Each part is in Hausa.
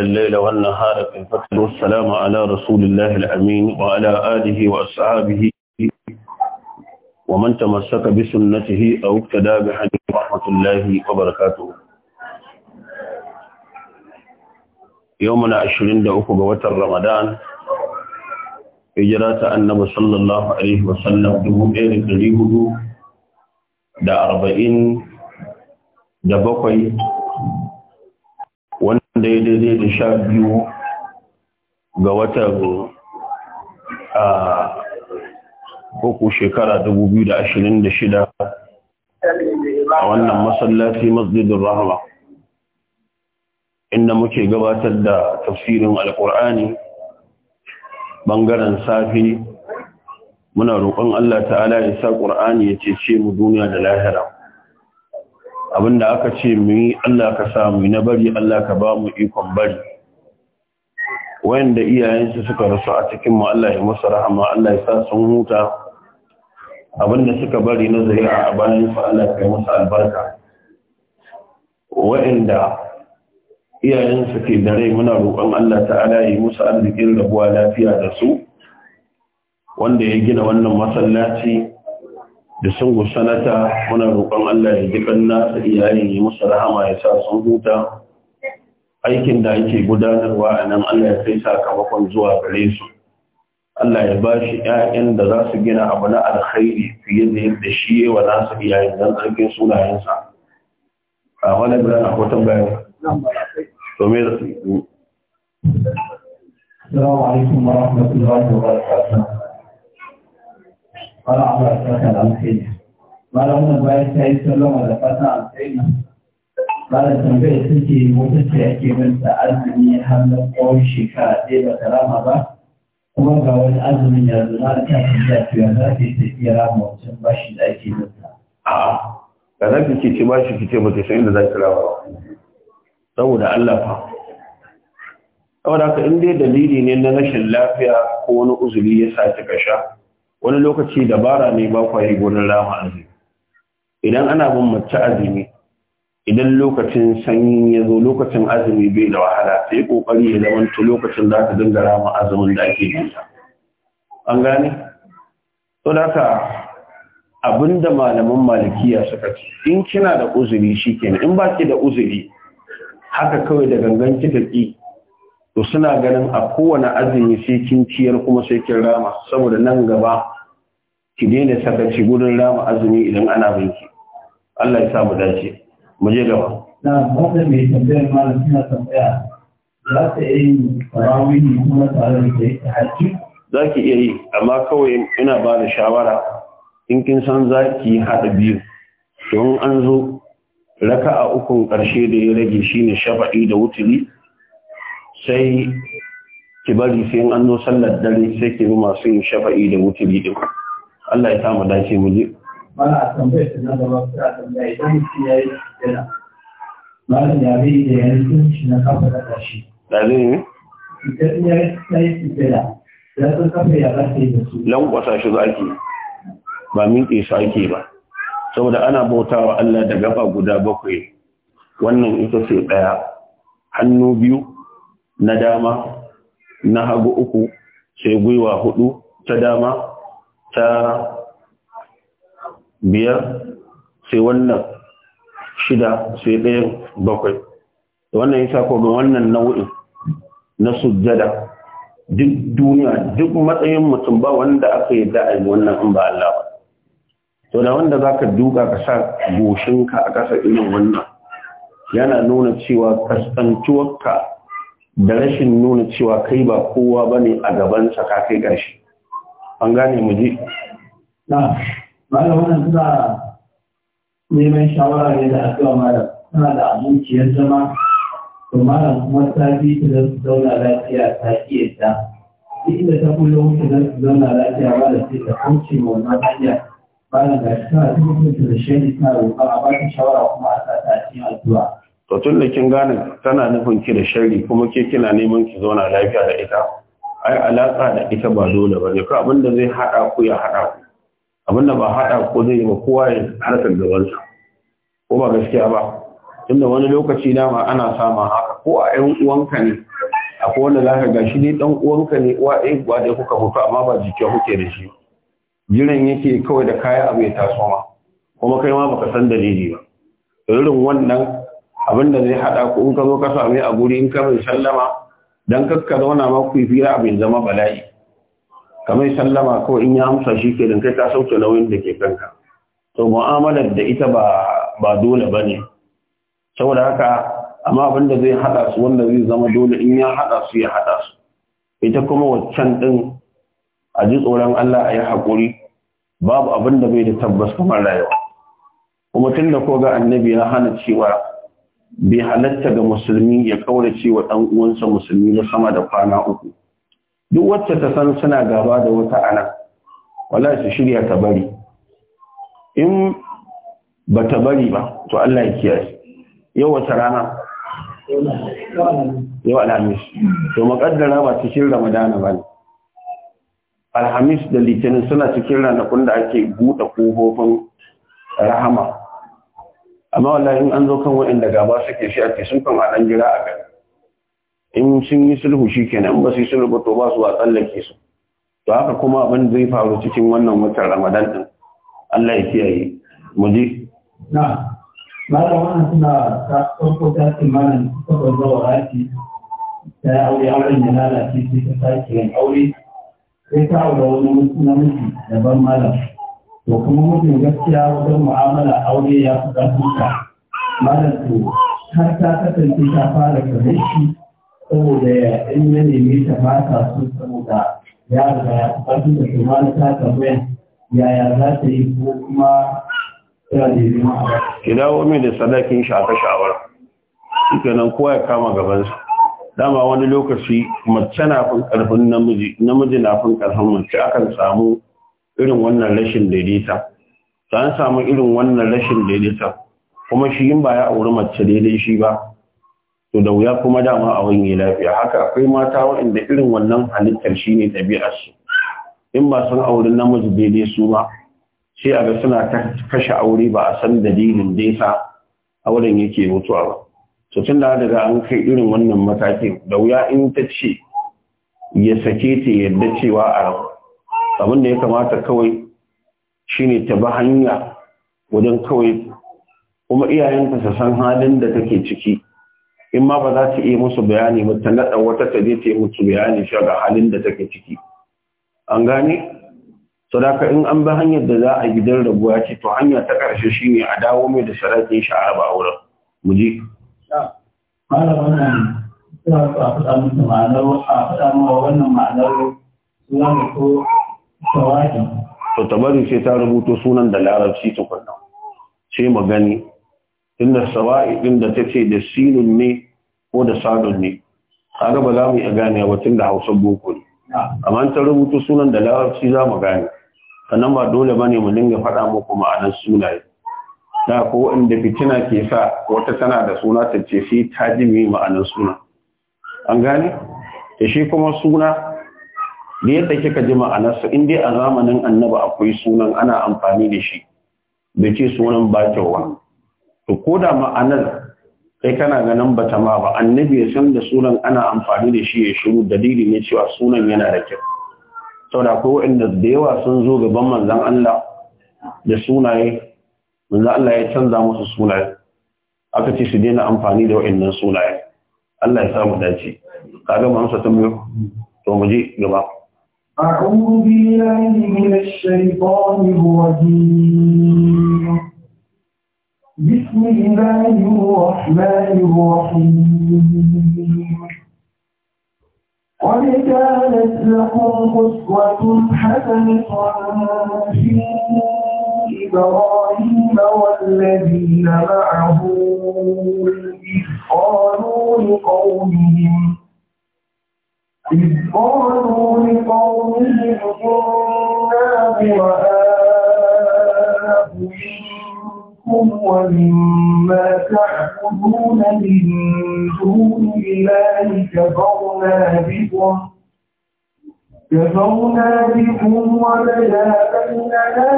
الليل والنهار في الفتر والسلام على رسول الله الأمين وعلى آله وأصحابه ومن تمسك بسنته أو اقتدى بحديث رحمة الله وبركاته يومنا عشرين دعوك بوتر رمضان إجرات النبي صلى الله عليه وسلم دبوب إيرك ليهدو دا أربعين دا بقي daidai da sha biyu ga watan a uku da shida, a wannan masallaci masjidin rahama inda muke gabatar da tafsirin alkur'ani bangaren safi muna roƙon Allah ta'ala ya sa ƙur'ani ya cece mu duniya da lahira abinda aka ce mai Allah ka samu na bari Allah ka ba mu ikon bari wayanda iyayensu suka rasu a cikin mu Allah ya musu rahama Allah ya sa sun huta abinda suka bari na zuri'a a bayan su Allah ya musu albarka wayanda iyayensu ke da rai muna roƙon Allah ta'ala ya musu arzikin rabuwa lafiya da su wanda ya gina wannan masallaci da sun sanata muna roƙon Allah ya jikan nasa iyayen yi musu rahama ya sa sun huta aikin da yake gudanarwa a nan Allah ya kai sakamakon zuwa gare su Allah ya ba shi ‘ya'yan da za su gina abu na alkhairi fiye da yadda shi yi wa nasa iyayen don ƙarfin sunayensa a wani domin wala Allah ya saka da alkhairi wala wannan bayan ta yi sallama da fata alkhairi wala tambaya take wata ce yake bin ta azumi har na tsawon shekara ɗaya ba rama ba kuma ga wani azumin yanzu, zo na ta tambaya to ya za ta yi ta iya rama wancan bashi da ake bin ta. da za ki ce bashi ki ce ba ta inda za ki rama ba saboda Allah fa saboda haka in dai dalili ne na rashin lafiya ko wani uzuri ya sa kika sha wani lokaci dabara ne ba kwaye gonar rama azumi idan ana bin mace azumi idan lokacin sanyi ya zo lokacin azumi bai da wahala sai kokari ya zama to lokacin za ta dinga rama azumin da ake yi an gane to da ka abinda malaman malikiya suka ce in kina da uzuri shi shikenan in ba ki da uzuri haka kawai da gangan kika ki to suna ganin a kowane azumi sai kin ciyar kuma sai kin rama saboda nan gaba ki daina sakaci gudun rama azumi idan ana binki Allah ya sa mu dace mu je gaba na wannan mai tambayar malam suna tambaya za ta yi tarawih kuma tare da ita haji za ki iya yi amma kawai ina ba da shawara in kin san za ki haɗa biyu don an zo raka'a ukun ƙarshe da ya rage shine shafa'i da wuturi sai ki bari sai an zo sallar dare sai ki bi masu yin shafa'i da wuturi din Allah ya sa mu dace mu je Bana a tambaye ta na gaba ta tambaye dan shi ya yi yana malam ya bai da ya shi na kafa da tashi da ne? ne idan ya yi tsira da sun kafa ya za shi da su lankwasa shi za ki ba min ke ake ba saboda ana bautawa Allah da gaba guda bakwai wannan ita ce ɗaya hannu biyu na dama na hagu uku sai gwiwa hudu ta dama ta biyar sai wannan shida sai ɗayan bakwai wannan ya sa kogin wannan nau'in na sujjada duk duniya duk matsayin mutum ba wanda aka yi da'ayi wannan in ba Allah ba to da wanda zaka duka ka sa goshinka a ƙasa irin wannan yana nuna cewa kaskantuwarka da rashin nuna cewa kai ba kowa ba ne a gaban saka kai gashi an gane mu ji. na malam wannan suna neman shawara ne da addu'a malam suna da abokiyar zama to malam kuma ta fi ta da zauna lafiya ta iya Duk da ta kula ta da zauna lafiya ba da sai ta kauce ma wannan hanya malam ga shi tana ta mutunta da shaidi tana roƙa a ba ta shawara kuma a sa ta cikin addu'a to tun da kin gane tana nufin ki da shari kuma ke kina neman ki zauna lafiya da ita ai alaka da ita ba dole ba ne ko abin zai hada ku ya hada ku abin ba hada ku zai ba kowa ya harkar gabansa ko ba gaskiya ba tunda wani lokaci dama ana sama haka ko a yan uwanka ne A ko wanda zaka ga shi ne dan uwanka ne wa ɗaya ba dai kuka mutu amma ba jiki kuke da shi jiran yake kawai da kaya abu ya taso ma kuma kai ma baka san dalili ba irin wannan abinda zai haɗa ku in ka zo ka same a guri in ka mai sallama dan kakka zauna ma ku fira abin zama bala'i kamar sallama ko in ya amsa shi ke kai ka sauke nauyin da ke kanka to mu'amalar da ita ba ba dole bane saboda haka amma abinda zai haɗa su wanda zai zama dole in ya haɗa su ya haɗa su ita kuma waccan din a ji tsoron Allah a yi haƙuri babu abin da bai da tabbas kamar rayuwa kuma tun da ko annabi ya hana cewa bai halatta ga musulmi ya kaurace wa ɗan uwansa musulmi na sama da kwana uku duk wacce ta san suna gaba da wata ana wala su shirya ta bari in ba ta bari ba to Allah ya kiyaye yau wata rana yau alhamis to makaddara ba cikin ramadana ba ne alhamis da litinin suna cikin ranakun da ake buɗe kofofin rahama amma wallahi in an zo kan waɗanda gaba suke shi ake sun kan haɗan jira a gari in sun yi sulhu shi nan ba su yi sulhu to ba su a tsallake su to haka kuma abin zai faru cikin wannan watan ramadan din Allah ya kiyaye mu je na da wannan suna ta farko ta ce malam saboda banzo wa ta yi aure auren ya lalace sai ta sake yin aure sai ta aure wani namiji daban malam to kuma mutum gaskiya wajen mu'amala aure ya fi ƙarfinka malam to har ta kasance ta fara kare shi saboda ya in ya nemi ta ba fata su saboda ya riga ya fi ƙarfin da kuma ta tambaya yaya za ta yi ko kuma ta ki dawo min da sadakin shafe shawara suke nan kowa ya kama gabansa dama wani lokaci mace na fin ƙarfin namiji namiji na fin ƙarfin mace akan samu irin wannan rashin daidaita ta an samu irin wannan rashin daidaita kuma shi yin baya ya auri mace daidai shi ba to da wuya kuma dama a wani lafiya haka akwai mata waɗanda irin wannan halittar shi ne su. in ba sun auri namiji daidai su ba sai a ga suna kashe aure ba a san dalilin daita auren yake mutuwa ba to tun da daga an kai irin wannan matakin da wuya in ta ce ya sake ta yadda cewa a abin da ya kamata kawai shine ta ba hanya wajen kawai kuma iyayenta su san halin da take ciki in ma ba za ta iya musu bayani ba ta naɗa wata ta je ta yi musu bayani shi ga halin da take ciki an gane sadaka in an bi hanyar da za a gidan rabuwa ce to hanya ta ƙarshe ne a dawo mai da sarakin shi a ba auren mu ji. ma'anar a faɗa wannan ma'anar ko to tabari sai ta rubuto sunan da larabci tukunna sai magani. inda sawa'i inda da tace da sinun ne ko da sadun ne kaga ba za mu iya gane ba tun da Hausar boko ne amma ta rubuto sunan da larabci za mu gane sannan ba dole ba ne mu dinga faɗa muku ma'anar sunaye da ko inda fitina ke sa wata tana da suna ta ce sai ta ji ma'anar suna an gane da shi kuma suna ya tsaki ka ji ma'anarsa in dai a zamanin annaba akwai sunan ana amfani da shi bai ce sunan ba kyauwa to ko da ma'anar kai kana ganin bata ma ba annabi ya san da sunan ana amfani da shi ya shiru dalili ne cewa sunan yana da kyau saboda ko inda da yawa sun zo gaban manzon Allah da sunaye manzon Allah ya canza musu sunaye aka ce su daina amfani da wa'annan sunaye Allah ya samu dace kaga mu amsa to mu je gaba أعوذ بالله من الشيطان الرجيم بسم الله الرحمن الرحيم قد كانت لكم قسوة حسنة في إبراهيم والذين معه إذ قالوا لقومهم إذ قالوا لقومهم إنا براء منكم ومما تعبدون من دون الله كفرنا بكم كفرنا بكم وبدا بيننا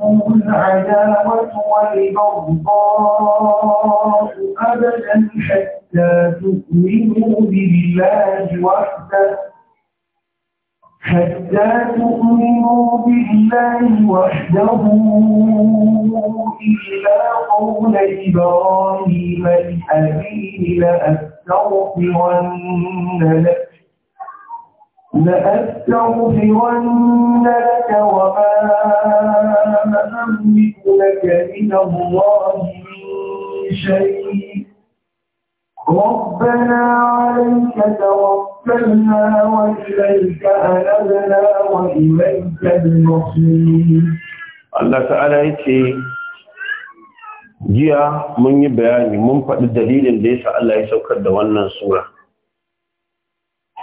وبينكم العداوة والبغضاء أبدا حتى تؤمنوا بالله وحده حتى تؤمنوا بالله وحده إلا قول إبراهيم الحبيب لأستغفرن لك لأستغفرن لك وما أملك لك من الله من شيء ربنا عليك توكلنا وإليك أنبنا وإليك المصير Allah ta'ala ya ce jiya mun yi bayani mun faɗi dalilin da ya sa Allah ya saukar da wannan sura.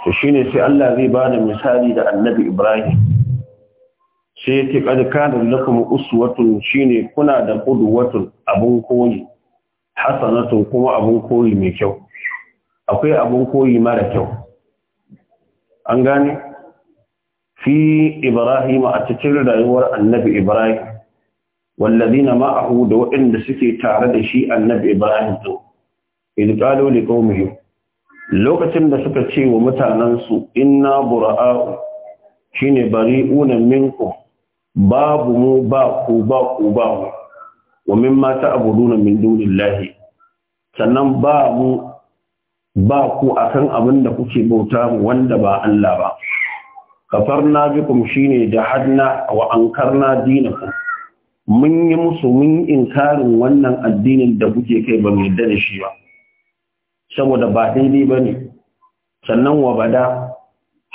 to shine sai Allah zai ba da misali da annabi Ibrahim sai yake kad kana lakum uswatun shine kuna da qudwatun abun koyi hasanatun kuma abun koyi mai kyau akwai abun koyi mara kyau an gane fi Ibrahim a cikin rayuwar annabi Ibrahim wallazina ma'ahu da waɗanda suke tare da shi annabi Ibrahim to ne liqaumihim lokacin da suka ce wa mutanensu inna bura'a'u shine bari'una minku babu mu ba ku ba ku ba mu wa mimma ta'buduna min dunillahi sannan ba mu ba ku akan abin da kuke bauta mu wanda ba Allah ba kafarna bikum shine jahadna wa ankarna dinakum mun yi musu mun inkarin wannan addinin da kuke kai ba mu yadda shi ba saboda ba daidai ba ne sannan wa bada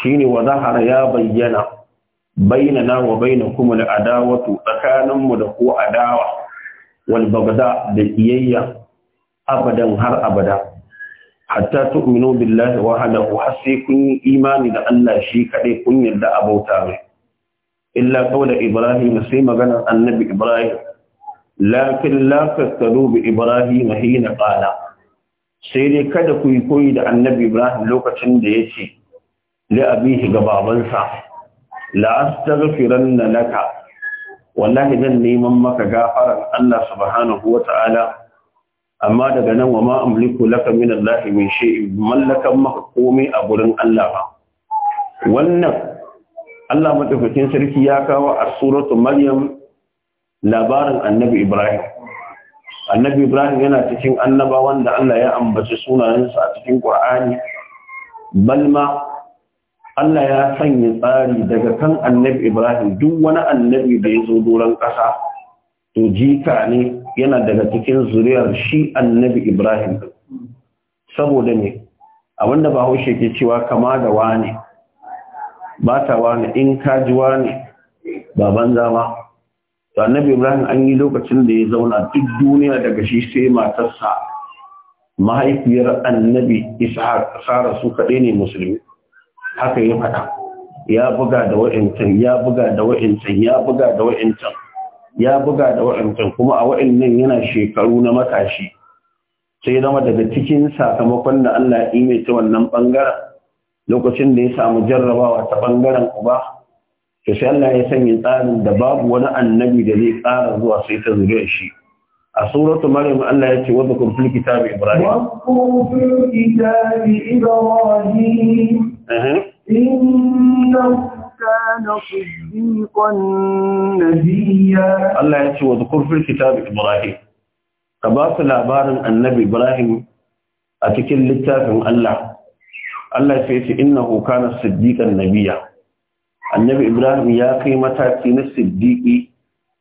shi ne wa zahara ya bayyana na wa baina kuma da adawatu tsakaninmu da ko adawa wal bagda da iyayya? abadan har abada hatta tu'minu billahi wahdahu har sai kun yi imani da Allah shi kaɗai kun yarda a bauta mai illa qawla ibrahim sai maganar annabi ibrahim lakin la tasadu bi ibrahim hina qala sai dai kada ku yi koyi da annabi ibrahim lokacin da ya ce li'abihi ga babansa la'astaghfiran laka wallahi zan neman maka gafaran Allah subhanahu ta'ala amma daga nan wa ma amliku laka min Allah min in mallakan maka komai a gurin Allah ba wannan Allah madaukakin sarki ya kawo a suratul maryam labarin annabi ibrahim annabi ibrahim yana cikin annaba wanda Allah ya ambaci sunayensa a cikin qur'ani balma Allah ya sanya tsari daga kan annabi ibrahim duk wani annabi da ya zo doron ƙasa to jika ne yana daga cikin zuriyar shi annabi ibrahim saboda ne abinda ba haushe ke cewa kama da wane ba ta wane in kaji wane ba banza ba to annabi ibrahim an yi lokacin da ya zauna duk duniya daga shi sai matarsa mahaifiyar annabi ishaq sara su kaɗai ne musulmi haka ya fata ya buga da wa'incan ya buga da wa'incan ya buga da wa'incan ya buga da wa'incan kuma a wa'innan yana shekaru na matashi sai zama daga cikin sakamakon da Allah ya imeta wannan bangaren lokacin da ya samu jarrabawa ta bangaren uba to sai Allah ya sanya tsarin da babu wani annabi da zai tsara zuwa sai ta zuriyar shi a suratu maryam Allah ya ce wa zakum fil kitabi ibrahim wa fil kitabi ibrahim inna كان صديقا نبيا الله يأتي وذكر في الكتاب إبراهيم تباس العبار النبي إبراهيم أتكل للتافع الله الله يأتي إنه كان صديقا نبيا annabi ibrahim ya kai mataki na siddiqi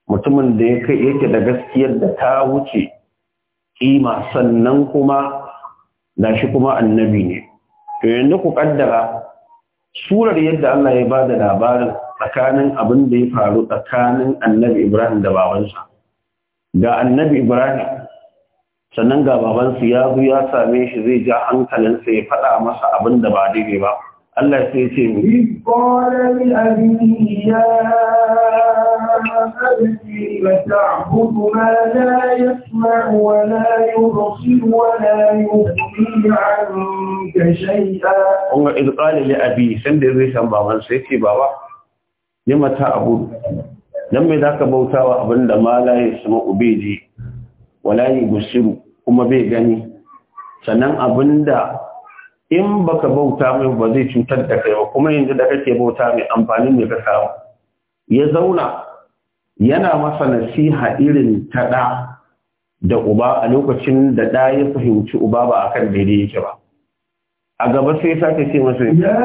mutumin da ya kai yake da gaskiyar da ta wuce kima sannan kuma shi kuma annabi ne to yanda ku kaddara surar yadda Allah ya ba da labarin tsakanin abin da ya faru tsakanin annabi ibrahim da babansa ga annabi ibrahim sannan ga babansu ya zo ya same shi zai ja hankalinsa ya faɗa masa abin da ba daidai ba Allah sai ce mu. qala li ya abati la ma la wa la wa la an shay'a kuma ina qala li abi san zai san baban sai ce baba Ne mata abu dan me zaka bautawa abinda ma la yasma'u ubeji, wa kuma bai gani sannan abinda in baka bauta min ba zai cutar da kai ba kuma yanzu da kake bauta mai amfani mai ka samu ya zauna yana masa nasiha irin ta da da uba a lokacin da ɗa ya fahimci uba ba a kan daidai yake ba a gaba sai sake ce masa ya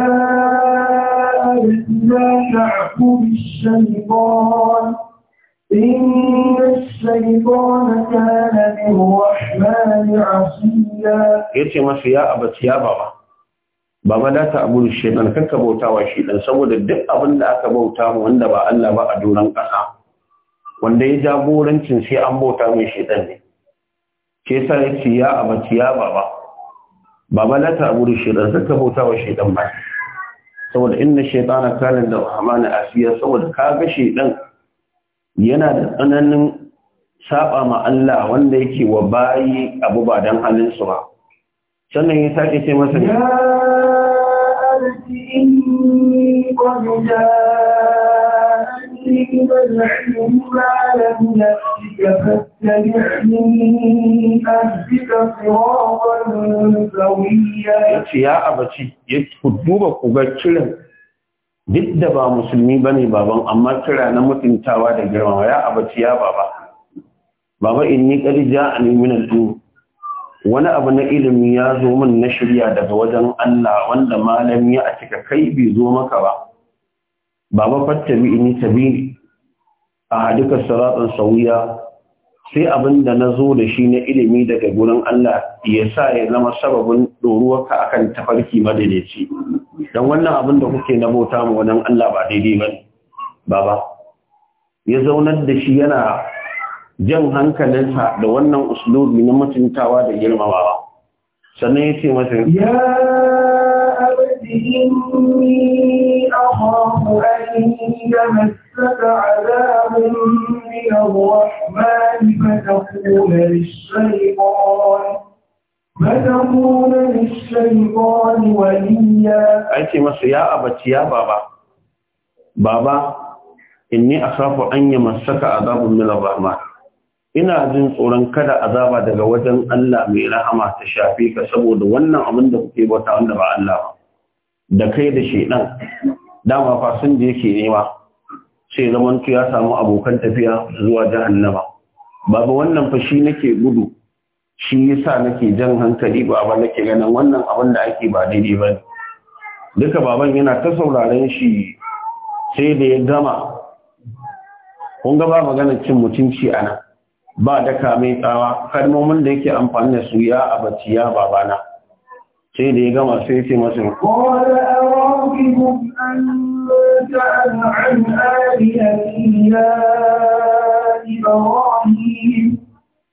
ya ce masa ya abaci ya ما ba ma da ta abu shaitan kanka bauta wa shaitan saboda duk abin da aka bauta mu wanda ba Allah ba a doron ƙasa wanda ya jagorancin sai an bauta mai shaitan ne ke sa ya ce ya abaci ya baba ba ma da ta abu shaitan kanka bauta wa shaitan ba saboda inna shaitana kana da amana asiya saboda ka kaga shaitan yana da tsananin saba ma Allah wanda yake wa bayi abu ba dan halin su ba sannan ya sake ce masa ya Yace ya جاءتني العلم على نفسك فاتبعني أهدك صراطا سويا duk da ba musulmi ba ne baban amma kira na mutuntawa da girmama ya abaci ya baba baba in ni ƙari ja a nemin al'umma wani abu na ilimi ya zo min na shirya daga wajen Allah wanda malami ya a cika kai bai zo maka ba baba bi ini tabi a duka salatun sauya sai abin da na zo da shi na ilimi daga gurin Allah ya sa ya zama sababin ɗoruwarka akan tafarki madaidaici don wannan abin da kuke na bauta mu wannan Allah ba daidai ba baba ya zaunar da shi yana jan hankalinsa da wannan uslubi na mutuntawa da girmamawa sannan ya ce masa ya abadi inni akhafu an yamassaka azabun min ar-rahman fatakuna lish-shaytan fatakuna lish-shaytan waliya ai ce masu ya abaci ya baba baba in ni a akhafu an yamassaka azabun min ar ma. ina jin tsoron kada azaba daga wajen Allah mai rahama ta shafe ka saboda wannan abin da kuke bauta wanda ba Allah ba da kai da shedan dama fa sun da yake nema sai zaman ya samu abokan tafiya zuwa jahannama babu wannan fa shi nake gudu shi yasa nake jan hankali ba ba nake ganin wannan abin da ake ba daidai ba duka baban yana ta sauraren shi sai da ya gama kun ga ba maganar cin mutunci a nan ba da kame tsawa kalmomin da yake amfani da su ya abaci ya babana sai da ya gama sai ce masu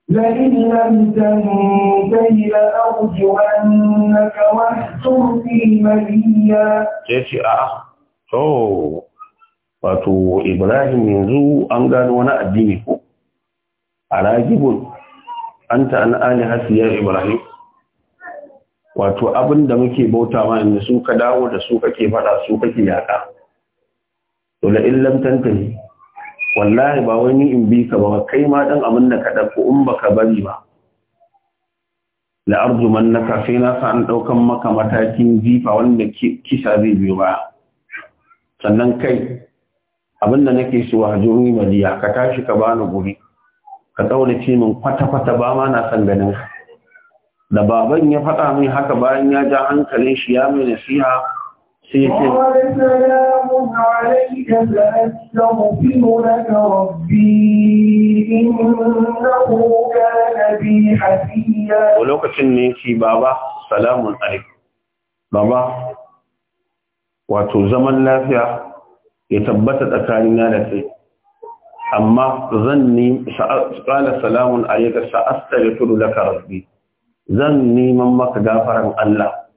لئن لم تنتهي لأرجعنك wato Ibrahim yanzu an gano wani addini ko a anta an Ali alihati ya ibrahim wato abin muke bautawa ma inda su ka dawo da su kake faɗa su kake yaƙa to la illam tantahi wallahi ba wani in bi ka ba kai ma dan abin da ka dauko in baka bari ba la arju mannaka sai na sa an daukan maka matakin jifa wanda kisa zai biyo ba sannan kai abinda nake so hajuri madiya ka tashi ka bani guri ka tsaurace min kwata-kwata ba ma na san ganin ka. da baban ya faɗa min haka bayan ya ja hankali, shi ya mai nasiha sai ya ce lokacin ne ki baba salamun ari. baba wato zaman lafiya ya tabbata tsakanina da kai amma zan ni qala salamun alayka sa'astaghfiru laka rabbi zan neman maka gafaran Allah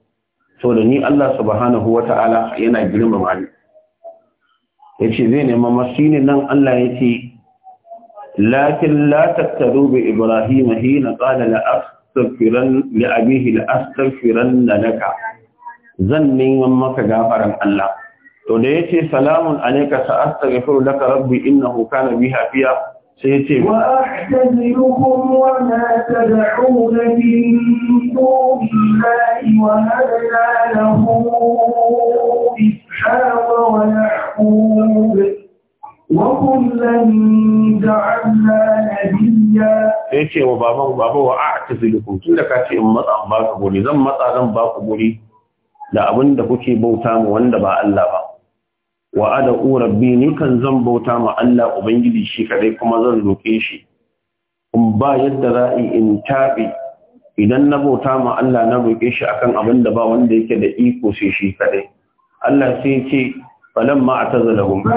da ni Allah subhanahu wata'ala yana girmama ni yace zai neman masini nan Allah yace lakin la tattaru bi ibrahim hina qala la astaghfiran li abihi la astaghfiran laka zan neman maka gafaran Allah to da yace salamun alayka sa'astaghfiru laka rabbi innahu kana bi hafiya sai yace wa ahtazilukum wa ma tad'un min dunillahi wa ce wa baban baba wa a ta zilikun tun da ka ce in matsa ba ka guri zan matsa zan ba ku guri da abin da kuke bauta mu wanda ba Allah ba wa ad'u rabbi ni kan zan bauta ma Allah ubangiji shi kadai kuma zan roke shi in ba yadda za'i in tabi idan na bauta ma Allah na roke shi akan abin da ba wanda yake da iko sai shi kadai Allah sai ya ce فلما da فلما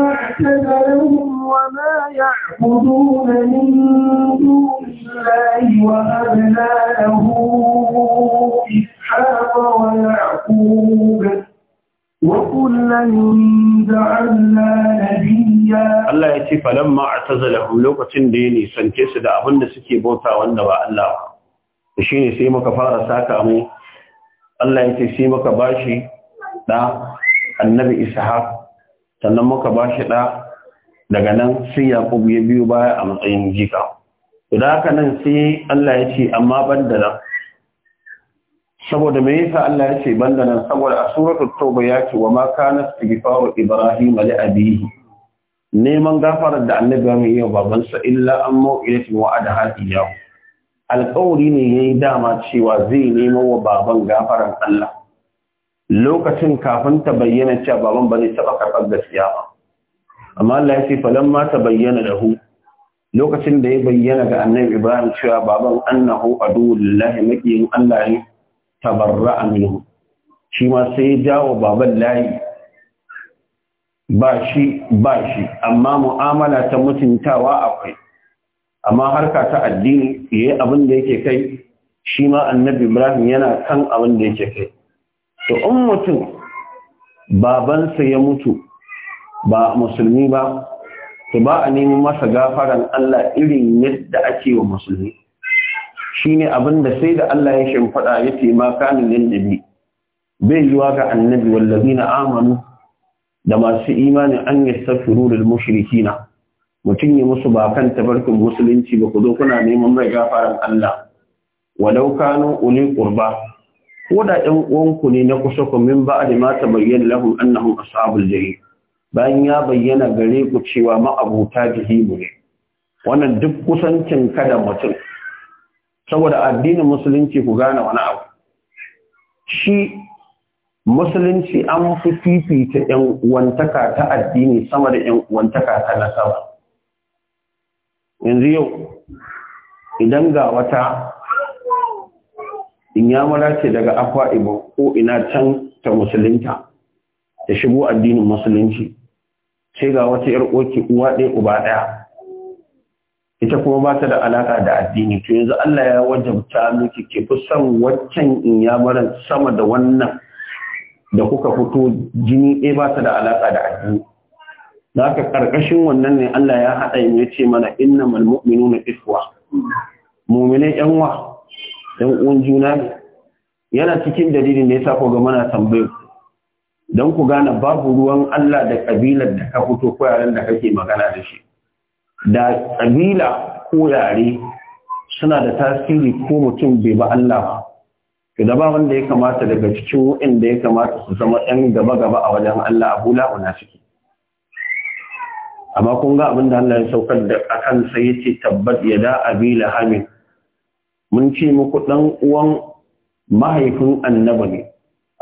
اعتزلهم وما يعبدون من دون الله وأبنى له إسحاق ويعقوب وكلا جعلنا نبيا الله يتي فلما lokacin da ya nisance su da abin da suke bauta wanda ba Allah ba ne sai muka fara saka mu Allah yace sai muka bashi da annabi Ishaq sannan muka bashi da daga nan sai Yaqub ya biyu baya a matsayin jika to da haka nan sai Allah yace amma nan. saboda me yasa Allah ya ce banda nan saboda a suratul tauba ya ce wa ma kana istighfaru ibrahim li abihi neman gafarar da annabi ya yi wa babansa illa an mau'ilatin wa adaha iyahu alƙawari ne yayi dama cewa zai nemo wa baban gafarar Allah lokacin kafin ta bayyana cewa baban ba zai taba karɓar gaskiya ba amma Allah ya ce falamma ta bayyana lahu lokacin da ya bayyana ga annabi Ibrahim cewa baban annahu aduwwullahi makiyin Allah ne tabarra aminu shi ma sai ya jawo baban layi ba shi ba shi amma mu'amala ta mutuntawa akwai amma harka ta addini yayi abin da yake kai shi ma annabi ibrahim yana kan abin da yake kai to in mutum babansa ya mutu ba musulmi ba to ba a nemi masa gafaran Allah irin yadda ake wa musulmi shine abin da sai da Allah ya shimfaɗa ya ce ma kanin lin bai zuwa ga annabi wallazina amanu da masu imani an yi yastaghfiru lil mushrikina mutum ya musu ba kan tabarkin musulunci ba ku zo kuna neman mai gafaran Allah walau kanu uli kurba ko da ɗan uwanku ne na kusa ku min ba da mata bayyana lahun annahum ashabul jahim bayan ya bayyana gare ku cewa ma'abuta jahimu ne wannan duk kusancin kada mutum saboda addinin musulunci ku gane wani abu shi musulunci an fi fifita ‘yan uwantaka ta addini sama da ‘yan uwantaka ta nasaba yanzu yau idan ga wata in inyamara ce daga akwa ibo ko ina can ta musulunta ta shigo addinin musulunci sai ga wata ‘yar uwa ɗaya uba ɗaya ita kuma ba ta da alaka da addini to yanzu Allah ya wajabta miki ki fi son waccan in ya sama da wannan da kuka fito jini ɗaya ba ta da alaka da addini da haka karkashin wannan ne Allah ya haɗa yin ya ce mana innamal mu'minuna ikhwa mu'minai yan wa yan uwan juna ne yana cikin dalilin da yasa ko ga mana tambayar don ku gane babu ruwan Allah da kabilar da ka fito ko yaran da kake magana da shi da ƙabila ko yare suna da tasiri ko mutum bai ba Allah ba to da ba wanda ya kamata daga cikin da ya kamata su zama ɗan gaba-gaba a wajen Allah abu la'una ciki amma kun ga abin da Allah ya saukar da a sai ya ce tabbat ya da abila hamil. mun ce muku ɗan uwan mahaifin annaba ne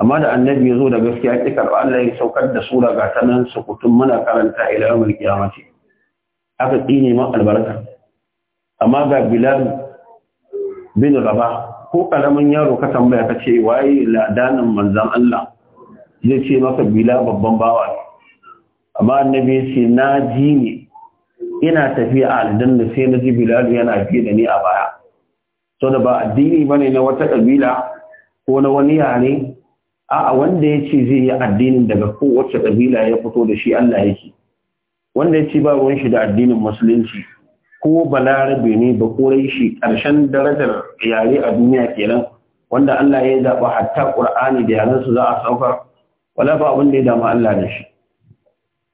amma da annabi ya zo da gaskiya ƙi karɓa Allah ya saukar da sura ga ta nan sukutun muna karanta ila yawmul kiyamati. aka tsine ma albarka amma ga bilal bin raba ko karamin yaro ka tambaya ka ce waye ladanin manzan Allah zai ce maka bila babban bawa amma annabi ce na ji ne ina tafiya a aljanna sai na ji bilal yana fiye da ni a baya to da ba addini bane na wata kabila ko na wani yare a'a wanda ya ce zai yi addinin daga kowace kabila ya fito da shi Allah yake wanda ya ce babu shi da addinin musulunci ko balarabe ne ba korai shi ƙarshen darajar yare a duniya kenan wanda Allah ya zaɓa hatta ƙur'ani da su za a saukar wala ba abin da ya dama Allah da shi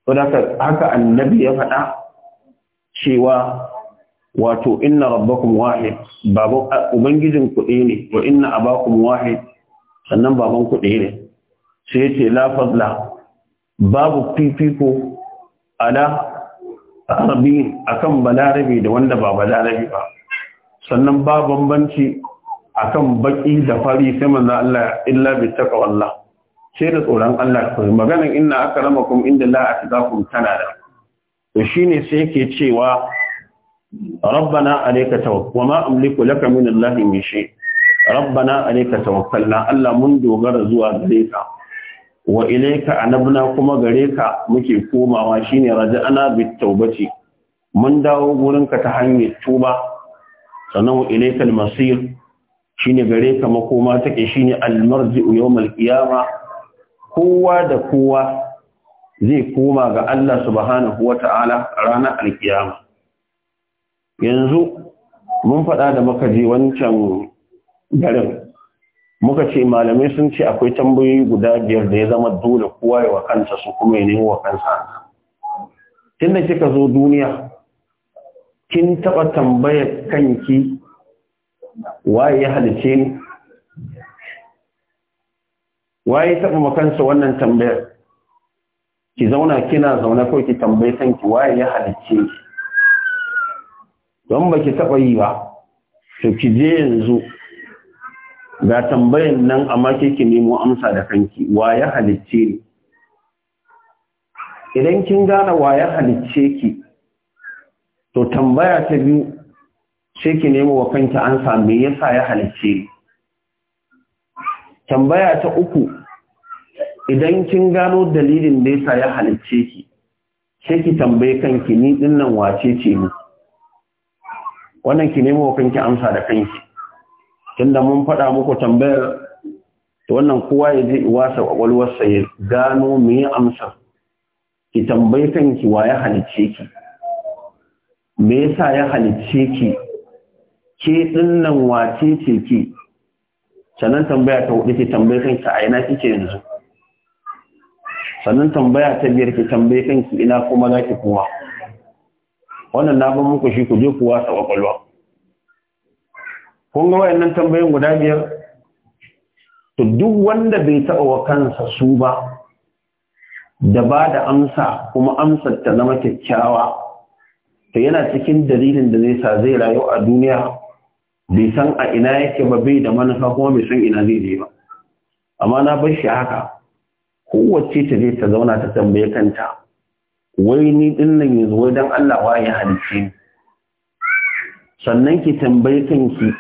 to haka annabi ya faɗa cewa wato inna rabbakum wahid baban ubangijin kuɗi ne wa inna abakum wahid sannan baban kuɗi ne sai ya ce la babu fifiko ala arabi akan balarabe da wanda ba balarabe ba sannan ba bambanci akan baki da fari sai manzo Allah illa bi taqwallah sai da tsoron Allah kai maganan inna akramakum inda la atqakum tana da to shine sai yake cewa rabbana alayka tawakkal wa ma amliku laka min allahi min shay rabbana alayka tawakkalna Allah mun dogara zuwa gare ka wa ilaika anabna kuma gare ka muke komawa shine raja'ana bit mun dawo gurin ka ta hanyar tuba sannan wa ilaikal masir shine gare ka makoma take shine al marji'u yawmal qiyama kowa da kowa zai koma ga Allah subhanahu wata'ala ranar alkiyama yanzu mun faɗa da maka je wancan garin muka ce malamai sun ce akwai tambayoyi guda biyar da ya zama dole kowa ya wa kansa su kuma ya nemi wa kansa tunda kika zo duniya kin taba tambayar kanki waye ya halice ni waye ya taba makansa wannan tambayar ki zauna kina zaune kawai ki tambayi kanki waye ya halice ni? don ba ki taba yi ba to ki je yanzu ga tambayan nan amma ke ki nemo amsa da kanki wa ya halicce ni idan kin gane wa ya halicce ki to tambaya ta biyu sai ki nemo wa kanki ansa me yasa ya halicce ni tambaya ta uku idan kin gano dalilin da yasa ya halicce ki sai ki tambaye kanki ni dinnan wace ce ni wannan ki nemo wa kanki amsa da kanki tunda mun faɗa muku tambayar to wannan kowa ya je wasa kwakwalwarsa ya gano me ya amsa ki tambayi kanki wa ya halicce ki me yasa ya halicce ki ke nan wace ce ki sannan tambaya ta hudu ki tambayi kanki a ina kike yanzu sannan tambaya ta biyar ki tambayi kanki ina kuma zaki kowa wannan na ban muku shi ku je ku wasa kwakwalwa kun ga wayannan tambayoyin guda biyar to duk wanda bai taɓa wa kansa su ba da ba da amsa kuma amsar ta zama kyakkyawa to yana cikin dalilin da zai sa zai rayu a duniya bai san a ina yake ba bai da manufa kuma bai san ina zai je ba amma na bar shi haka kowace ta je ta zauna ta tambaye kanta wai ni din nan yanzu wai dan Allah waye halicce sannan ki tambaye kanki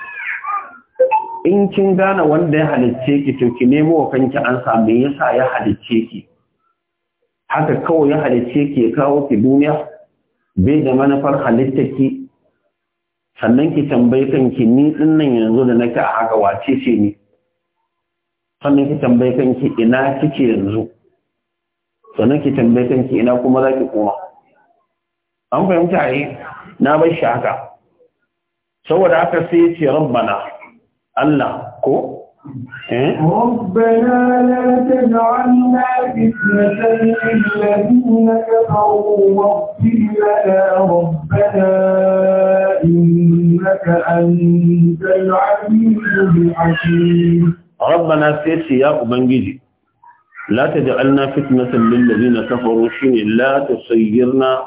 in kin gane wanda ya halicce ki to ki nemo wa kanki an samu yasa ya halicce ki haka kawai ya halicce ki ya kawo ki duniya bai da manufar halitta ki sannan ki tambayi kanki ni din nan yanzu da nake a haka wace ce ni sannan ki tambayi kanki ina kike yanzu sannan ki tambayi kanki ina kuma za ki koma an fahimta ne eh? na bar shi haka saboda haka sai ya ce rabbana الله كو إيه؟ ربنا لا تجعلنا فتنة للذين كفروا واغفر لنا ربنا إنك أنت العزيز الحكيم ربنا سيتي يا أبنجيجي لا تجعلنا فتنة للذين كفروا شيء لا تسيرنا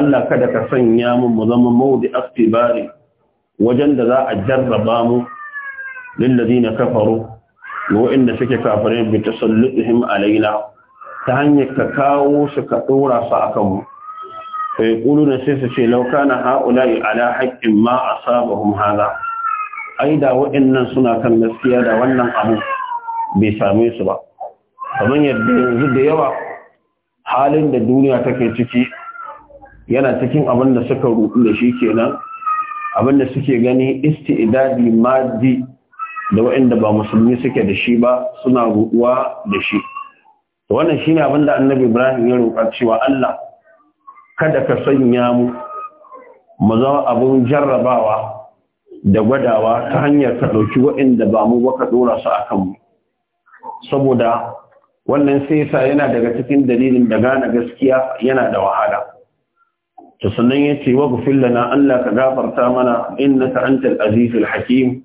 ألا كدك صنيام مضم موضع اختباري zama maudi aktibari lillazina kafaru wa'inda suke kafare bi tasallutihim alaina ta hanyar ka kawo su ka dora su akan mu fa yaquluna sai su ce law kana haula'i ala haqqin ma a asabahum hada ai da wa'annan suna kan gaskiya da wannan abu bai same su ba kamar yanzu da yawa halin da duniya take ciki yana cikin abin da suka ruɗu da shi kenan abin da suke gani isti'dadi maddi da waɗanda ba musulmi suke da shi ba suna ruɗuwa da shi wannan shine abin da annabi ibrahim ya roƙa cewa allah kada ka sanya mu mu zama abin jarrabawa da gwadawa ta hanyar ka ɗauki waɗanda ba mu ɗora su a kanmu saboda wannan sai yasa yana daga cikin dalilin da gane gaskiya yana da wahala to sannan ce wa na Allah ka gafarta mana innaka antal azizul hakim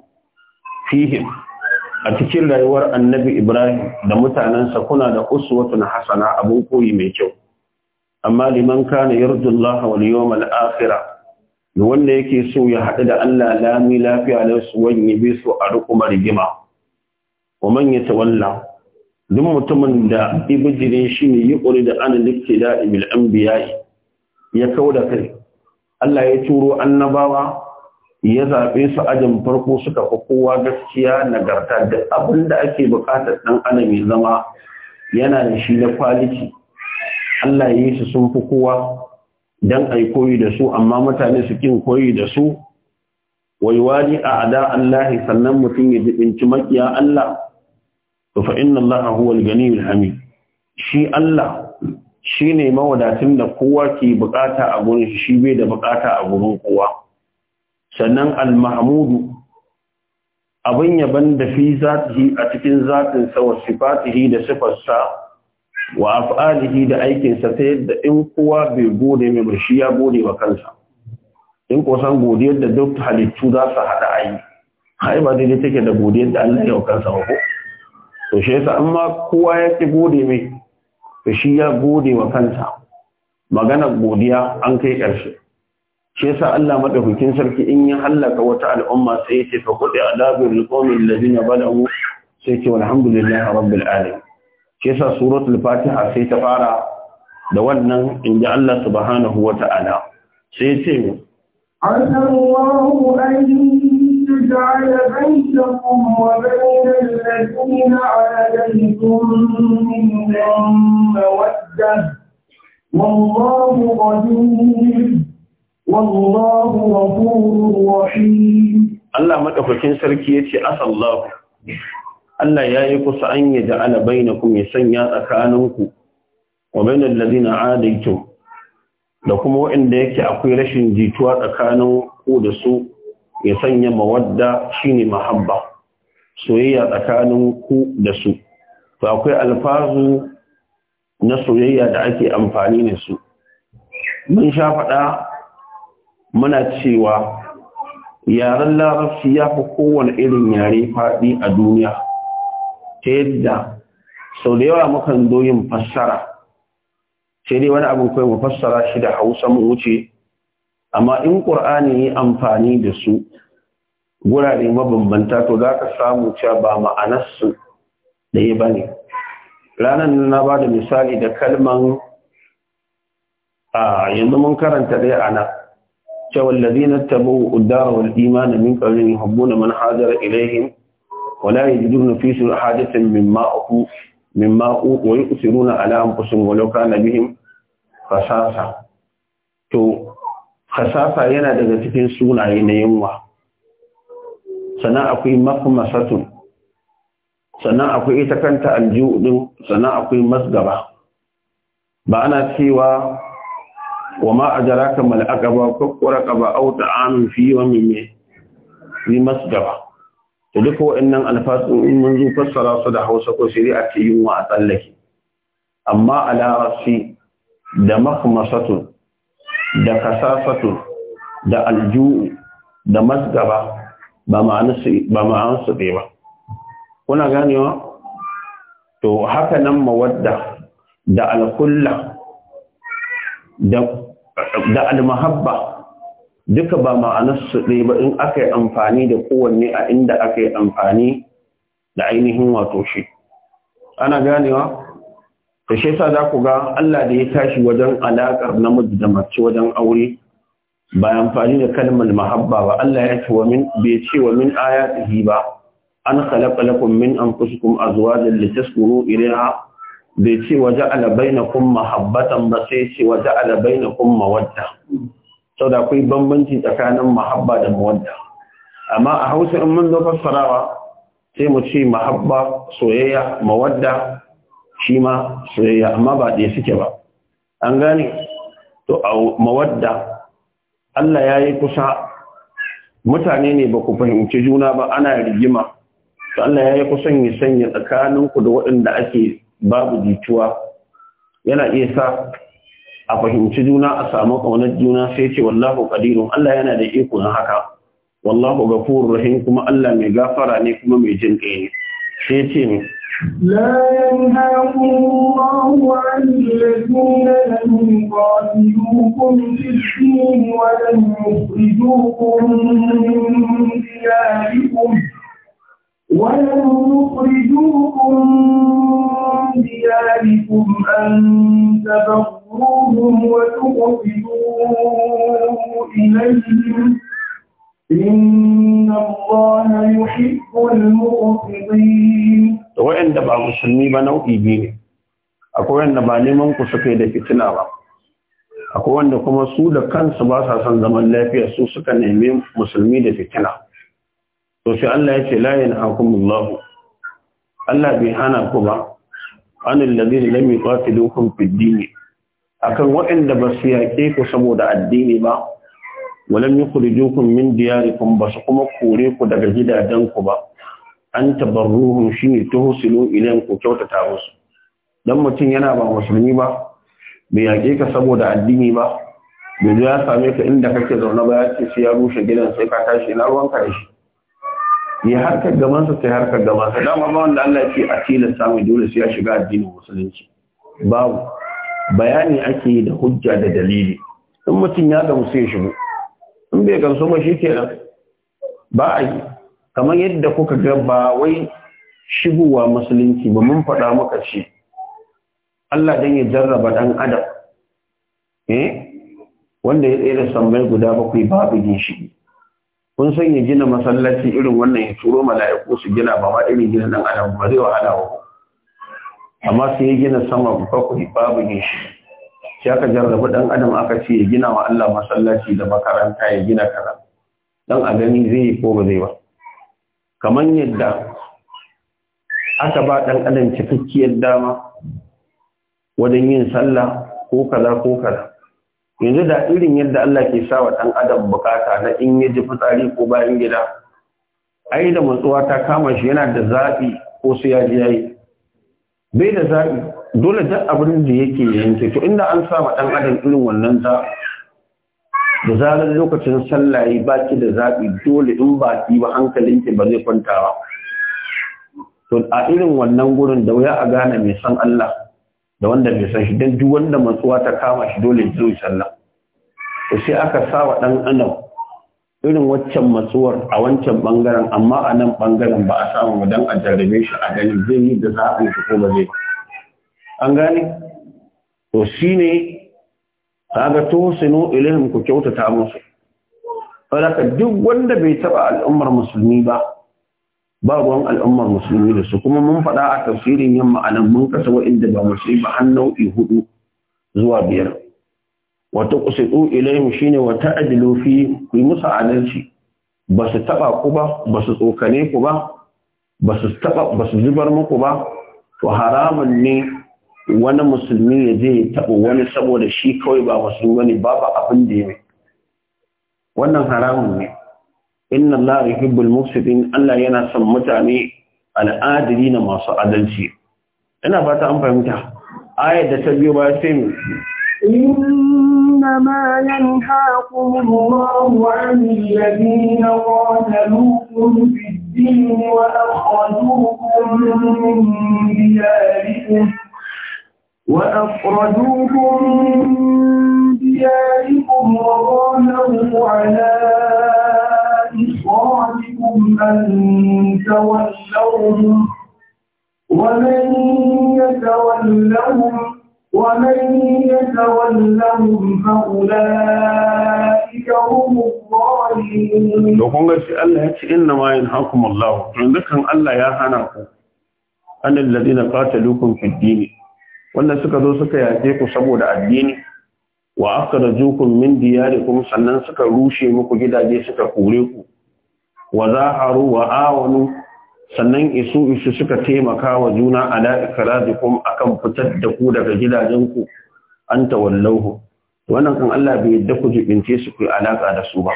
fihim a cikin rayuwar annabi Ibrahim da mutanensa kuna da uswatun hasana abin koyi mai kyau amma liman kana yarjullaha wal yawmal akhir wanda yake so ya haɗu da Allah lami lafiya da su wani bi su a rukuma rigima wa man yatawalla duk mutumin da ibijire shi ne yi ƙuri da an liktida ibil anbiya'i ya kauda kai Allah ya turo annabawa ya zaɓe su ajin farko suka fi kowa gaskiya nagarta da abin da ake buƙatar ɗan adam ya zama yana da shi na kwaliki Allah ya yi su sun fi kowa don a yi koyi da su amma mutane su kin koyi da su waiwani a ada Allah sannan mutum ya jibinci makiya Allah to fa inna Allah huwa al-ganiyul hami shi Allah shine mawadatin da kowa ke bukata a gurin shi bai da bukata a gurin kowa sannan al-mahmudu abin yaban da fi zatihi a cikin zatin sa wa sifatihi da sifarsa wa af'alihi da aikinsa ta yadda in kowa bai gode mai ba shi ya gode wa kansa in ko san godiyar da duk halittu za su haɗa ayi hai ba daidai take da godiyar da Allah ya kansa ba ko to shi yasa amma kowa ya ki gode mai to shi ya gode wa kansa Maganar godiya an kai ƙarshe shi sa Allah madaukakin sarki in ya hallaka wata al'umma sai ya ce fa qul adabul qawmil ladina balagu sai ce walhamdulillahi rabbil alamin Ke sa suratul fatiha sai ta fara da wannan ji Allah subhanahu wata'ala sai ya ce Allahu جعل بينكم وبين Allah maɗafakin sarki ya ce, Asallahu, Allah ya yi kusa an yă ji ala baina ku ya sanya tsakaninku, wa bai da zina adaikin, da kuma waɗanda yake akwai rashin jituwa ku da su ya sanya mawadda shi ne mahabba, soyayya tsakaninku da su, ba akwai alfazu na soyayya da ake amfani da su. Mun sha faɗa muna cewa yaren larabci ya fi kowane irin yare faɗi a duniya ta yadda sau da yawa mukan zo yin fassara sai dai wani abin kai mu fassara shi da hausa mu wuce amma in ƙur'ani yi amfani da su gurare mabambanta to za ka samu cewa ba ma'anarsu ɗaya ba ne ranar na ba da misali da kalman a yanzu mun karanta ɗaya a nan cewa allazina tabu uddara wal imana min qablihim yuhibbuna man hajara ilaihim fi يجدون في سر حاجة مما أقو مما أقو ويؤثرون على أنفسهم ولو كان بهم خساسة To خساسة yana daga cikin sunaye na yunwa sannan akwai mafmasatun sannan akwai ita kanta aljuɗin sannan akwai masgaba ba ana cewa wa ma ajaraka mal aqaba ko quraqaba aw ta'am fi yawmin min fi masjaba to duk wa'annan alfasu in mun zo fassara su da Hausa ko shari'a ce yunwa a tsallake amma a larabci da mahmasatu da kasafatu da alju da masgaba ba su ba ma'anarsu ba kuna ganewa to haka nan mawadda da alkulla da almahabba duka ba ma'anarsu ɗaya ba in aka yi amfani da kowanne a inda aka yi amfani da ainihin wato shi ana ganewa da shi sa za ku ga Allah da ya tashi wajen alaƙar namiji da mace wajen aure ba amfani da kalmar mahabba ba Allah ya ce wa min bai ce wa min ayatihi ba an khalaqa lakum min anfusikum azwajan litaskunu ilayha bai ce waje alabai na mahabbatan ba sai ce waje alabai na kun mawadda sau da akwai bambanci tsakanin mahabba da mawadda amma a hausa in mun zo fassarawa sai mu ce mahabba soyayya mawadda shi ma soyayya amma ba ɗaya suke ba an gane to a mawadda Allah ya yi kusa mutane ne ba ku fahimci juna ba ana rigima to Allah ya yi kusan ya sanya tsakaninku da waɗanda ake babu jituwa yana iya sa a fahimci juna a samu ƙaunar juna sai ce wallahu qadirun Allah yana da iko na haka wallahu ghafurur rahim kuma Allah mai gafara ne kuma mai jin kai ne sai ce ne لا ينهاكم الله عن الذين لم يقاتلوكم في الدين ولم يخرجوكم من دياركم ولن يخرجوكم من دياركم أن تبروهم وتقفلوا إليهم akwai wanda ba neman ku suka da fitina ba akwai wanda kuma su da kansu ba sa son zaman lafiya su suka nemi musulmi da fitina to shi Allah ya ce layin akumullahu Allah bai hana ku ba anil ladina lam yuqatilukum fid din akan waɗanda ba su yaƙe ku saboda addini ba walam yukhrijukum min diyarikum ba su kuma kore ku daga gidajen ku ba an tabarruhum shine tuhsilu ilayhim ku kyautata musu dan mutum yana ba musulmi ba bai yaƙe ka saboda addini ba bai ya same ka inda kake zaune ba ya ce sai ya rushe gidan sai ka tashi na ruwan da shi ya harkar gamansa ta harkar gamansa dama ba wanda Allah ce a tilasta mai dole sai ya shiga addinin musulunci babu bayani ake yi da hujja da dalili in mutum ya gamsu ya shigo in bai gamsu ma shi kenan ba a yi kamar yadda kuka ga ba wai shigowa musulunci ba mun faɗa maka shi Allah dan ya jarraba dan adam eh wanda ya tsere sammai guda bakwai babu ginshiki kun san ya gina masallaci irin wannan ya turo mala'iku su gina ba ma irin gina nan adam ba zai wahala ba amma sai ya gina sama bakwai babu ne shi shi aka jarrabi dan adam aka ce ya gina wa Allah masallaci da makaranta ya gina kaza dan a gani zai yi ko ba zai ba kamar yadda aka ba dan adam cikakkiyar dama wajen yin sallah ko kaza ko kaza yanzu da irin yadda Allah ke sa wa ɗan adam bukata na in ya ji fitsari ko bayan gida ai da matsuwa ta kama shi yana da zaɓi ko su ya ji yayi bai da zaɓi dole duk abin da yake yanke to inda an sa wa ɗan adam irin wannan za da zarar lokacin sallaye yi baki da zaɓi dole in ba ki ba ba zai kwantawa. to a irin wannan gurin da wuya a gane mai san Allah da wanda bai san shi don duk wanda matsuwa ta kama shi dole ya zo sallah to sai aka sa wa dan adam irin waccan matsuwar a wancan bangaren amma a nan bangaren ba a samu ba don a jarrabe shi a gani zai yi da za shi ko ba zai an gane to shi ne kaga to sino ilihim ku kyautata musu saboda duk wanda bai taɓa al'ummar musulmi ba ba ruwan al'ummar musulmi da su kuma mun faɗa a tafsirin yamma a nan mun kasa wa'inda ba musulmi ba an nau'i hudu zuwa biyar wata kusitu ilayhi shine wa ta'dilu fi ku musu adalci ba su taba ku ba ba su tsokane ku ba ba su taba ba su zubar muku ba to haramun ne wani musulmi ya je ya taba wani saboda shi kawai ba musulmi ba ba abin da ya wannan haramun ne inna Allah yuhibbul mufsidin Allah yana son mutane al'adili na masu adalci ina fata an fahimta ayat da ta biyo ba sai mu إنما ينهاكم الله عن الذين قاتلوكم في الدين وأخرجوكم من دياركم وأخرجوكم من دياركم وظاهروا على ومن يتولهم فأولئك هم الظالمين لكم في الله إنما ينهاكم الله عندكم الله يا حناكم أن الذين قاتلوكم في الدين wannan suka zo suka yaje ku saboda addini wa aka rajukum min diyarikum sannan suka rushe muku gidaje suka kore ku wa za'aru wa awanu sannan isu isu suka taimaka wa juna ala ikradikum akan fitar da ku daga gidajenku an tawallahu wannan kan Allah bai yadda ku jibince su ku alaka da su ba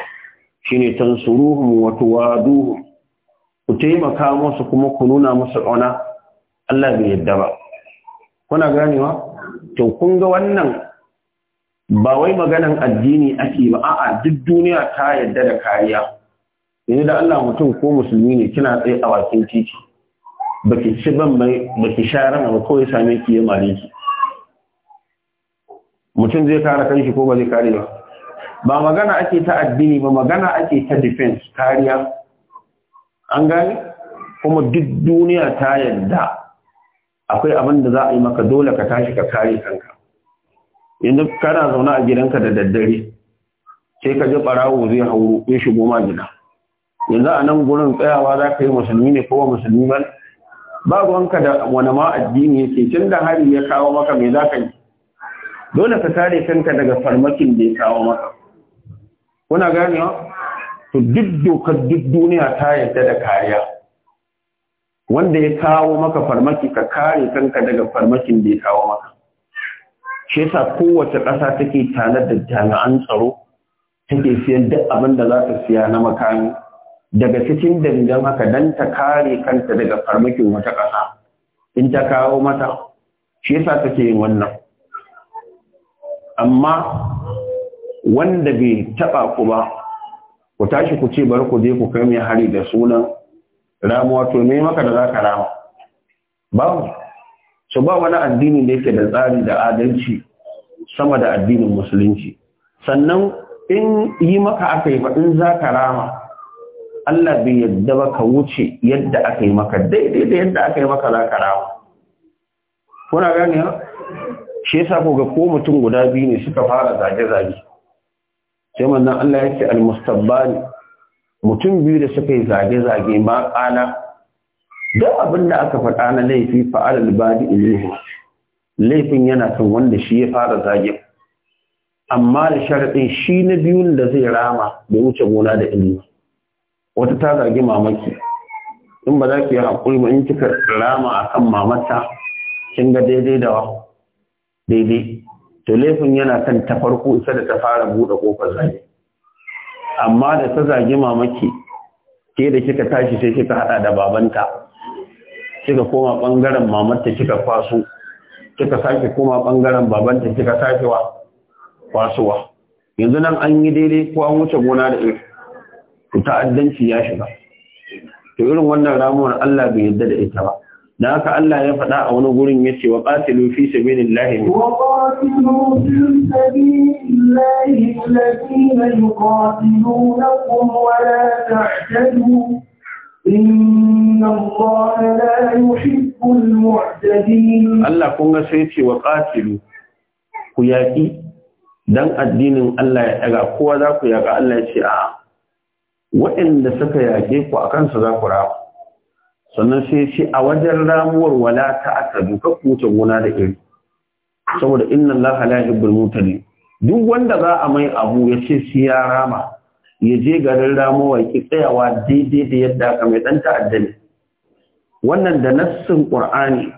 shine tansuruhum wa tuwadu ku taimaka musu kuma ku nuna musu kauna Allah bai yadda ba kuna ganewa to kun ga wannan ba wai maganan addini ake ba a'a duk duniya ta yadda da kariya yanzu da Allah mutum ko musulmi ne kina tsaye a bakin titi baki ci ban mai baki sharan ba ko kawai same ki ya mare ki mutum zai kare kanshi ko ba zai kare ba ba magana ake ta addini ba magana ake ta defense kariya an gane kuma duk duniya ta yadda akwai abin da za a yi maka dole ka tashi ka kare kanka kana zaune a gidanka da daddare sai ka ji barawo zai hauro ya shigo ma gida yanzu a nan gurin tsayawa za ka yi musulmi ne kowa musulmi ba ba wanka da wani ma addini yake tun da hari ya kawo maka mai za ka yi dole ka kare kanka daga farmakin da ya kawo maka kuna wa? to duk dokar duk duniya ta yarda da kariya wanda ya kawo maka farmaki ka kare kanka daga farmakin da ya kawo maka shi yasa kowace ƙasa take tanar da jami'an tsaro take siyan duk abin da za ta siya na makami daga cikin dalilan haka dan ta kare kanta daga farmakin wata ƙasa in ta kawo mata shi yasa take yin wannan amma wanda bai taɓa ku ba ku tashi ku ce bari ku je ku kai mai hari da sunan ramuwa to me maka da zaka rama babu so ba wani addini da yake da tsari da adalci sama da addinin musulunci sannan in yi maka aka yi in za ka rama Allah bai yadda ba ka wuce yadda aka yi maka daidai da yadda aka yi maka zakara ba. rama kuna gane shi yasa ko ga ko mutum guda biyu ne suka fara zage-zage sai manzon Allah ya ce al-mustabbani mutum biyu da suka yi zage-zage ma kana don abin da aka faɗa na laifi fa al-badi ilayhi laifin yana kan wanda shi ya fara zage amma da sharadin shi na biyun da zai rama da wuce gona da ilimi wata ta zagi mamaki in ba za ki yi haƙuri ba in kika rama a kan mamata kin ga daidai da daidai to laifin yana kan ta farko isa da ta fara buɗe ƙofar zagi amma da ta zagi mamaki ke da kika tashi sai kika haɗa da babanta kika koma ɓangaren mamarta kika kwaso kika sake koma ɓangaren babanta kika sake wa kwasuwa yanzu nan an yi daidai ko an wuce gona da ita ku ta'addanci ya shiga to irin wannan ramuwar Allah bai yadda da ita ba da haka Allah ya faɗa a wani gurin yace wa qatilu fi sabilillahi wa qatilu fi sabilillahi wa la ta'tadu inna Allah la mu'tadin Allah kun ga sai ce wa qatilu ku yaƙi dan addinin Allah ya daga kowa za ku yaka Allah ya ce a'a waɗanda suka yage ku a kansu za ku ramu sannan sai shi a wajen ramuwar wala ta aka duka wuce gona da iri saboda inna Allah la yuhibbul mutali duk wanda za a mai abu ya ce shi ya rama ya je garin ramuwa ki tsayawa daidai da yadda aka mai dan ta'adda ne wannan da nassin qur'ani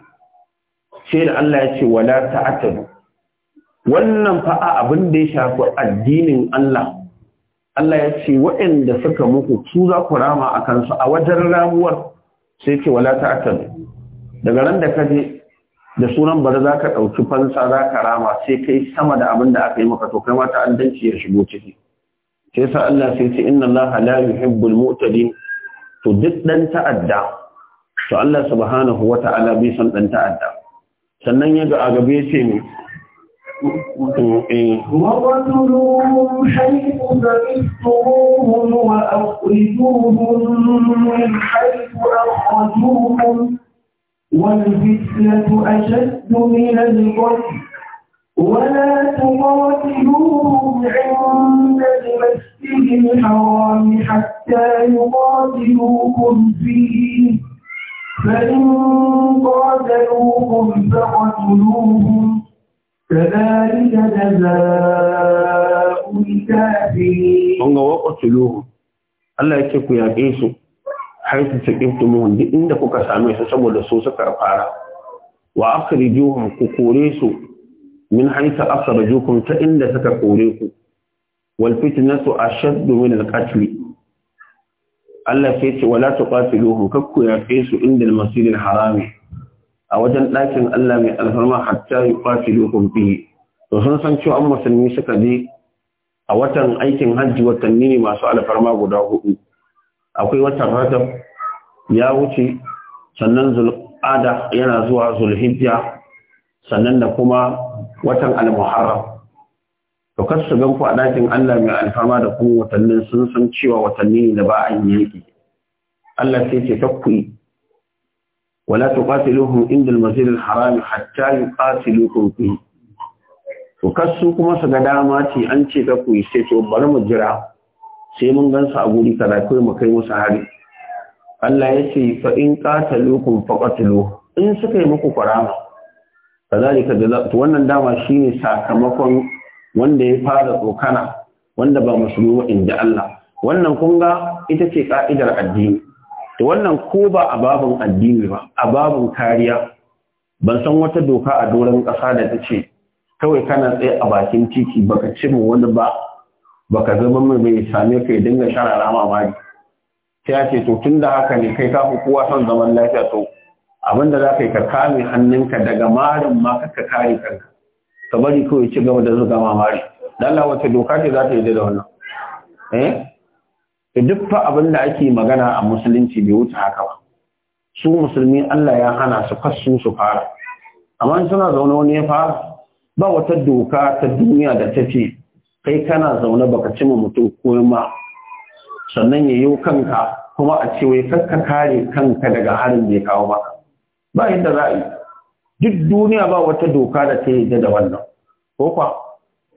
sai da Allah ya ce wala ta'tadu wannan fa a abin da ya shafi addinin Allah Allah ya ce waɗanda suka muku su za ku rama a kansu a wajen ramuwar sai ce wala ta'atan daga ran da kaje da sunan bari za ka ɗauki fansa za ka rama sai kai sama da abin da aka yi maka to kai ma ta'addanci ya shigo ciki sai sa Allah sai ce inna Allah la yuhibbul mu'tadin to duk dan ta'adda to Allah subhanahu wata'ala bai san dan ta'adda sannan ya ga a gabe ce ne وقتلوهم حيث ذبحتموهم وأخرجوهم من حيث أخرجوهم والفتنة أشد من القتل ولا تقاتلوهم عند المسجد الحرام حتى يقاتلوكم فيه فإن قاتلوهم فقتلوهم Ƙanga waƙwato yohu, Allah yake ku yaƙe su, har su ta inda kuka same su saboda so suka fara, wa aka riji ku kore su min haita aka raju ku ta inda suka kore ku, wal fitina su a shan domin alƙatuli. Allah ke ce, wala ta ƙwato yohu, kakku su inda masirin harami. a wajen ɗakin Allah mai alfarma hatta yi kwafi lokun biyu, to sun san cewa an musulmi suka je a watan aikin hajji watanni ne masu alfarma guda hudu akwai watan rajab ya wuce sannan zul'ada yana zuwa zulhijja sannan da kuma watan al-muharram to kar su gan a ɗakin Allah mai alfarma da kuma watannin sun san cewa watanni ne da ba a yi yanki Allah sai ce ta ku ولا تقاتلوهم عند المسجد الحرام حتى يقاتلوكم فيه وكسو dama ce, an ce ka ku sai to bari mu jira sai mun gansa a wuri, kaza kai mu kai musu hari Allah ya ce fa in qataluukum faqatilu in suka yi muku karama kazalika to wannan dama shine sakamakon wanda ya fara tsokana wanda ba musulmi inda Allah wannan kun ga ita ce ka'idar addini to wannan ko ba a babin addini ba a babin kariya ban san wata doka a doron ƙasa da ta ce kawai kana tsaye a bakin titi baka ci mu wani ba baka zama mai mai same ka ya dinga sharara mamaki sai ya ce to tun da haka ne kai ka kowa son zaman lafiya to abinda za ka yi ka kame hannunka daga marin ma ka kare kanka ka bari kawai ci gaba da zuga mamari dalla wata doka ce za ta yi da wannan eh duk fa abin da ake magana a musulunci bai wuce haka ba su musulmi Allah ya hana su fassu su fara amma suna zaune wani ya fara ba wata doka ta duniya da ta ce kai kana zaune baka cima mutum ko ma sannan ya yi kanka kuma a ce wai kanka kare kanka daga harin da ya kawo maka ba yadda za a yi duk duniya ba wata doka da ta yi da wannan ko kwa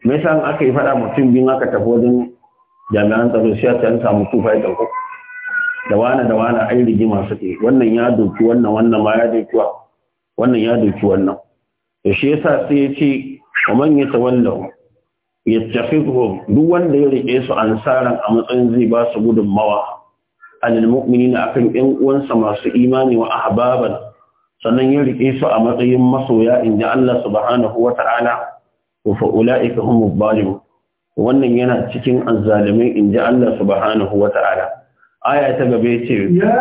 me yasa aka yi faɗa mutum biyu aka tafi wajen jami'an tsaro sai ta samu tufa ya dauko da wani da wani ai rigima suke wannan ya doki wannan wannan ma ya doki wa wannan ya doki wannan to shi yasa sai ya ce kaman ya tafi yattakhidhum duk wanda ya rike su ansaran a matsayin zai ba su gudunmawa alal mu'minina akan ƴan uwansa masu imani wa ahbaban sannan ya rike su a matsayin masoya inda Allah subhanahu ta'ala wa fa ulaika humuz zalimun wannan yana cikin azzalimin in ji Allah subhanahu wa ta'ala aya ta gaba ya ce ya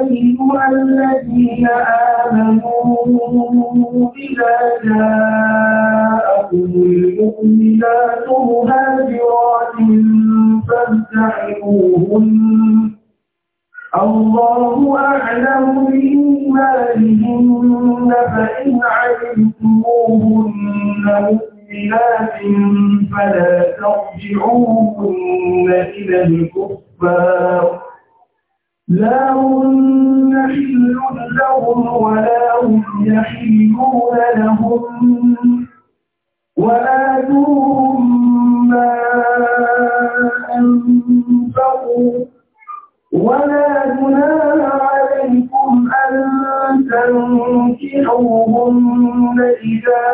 ayyuhal ladina amanu الله أعلم بإيمانهن فإن علمتموهن مؤمنات فلا ترجعوهن إلى الكفار لا هن حل لهم ولا هم يحلون لهم وآتوهم ما أنفقوا ولا جناح عليكم أن تنكحوهن إذا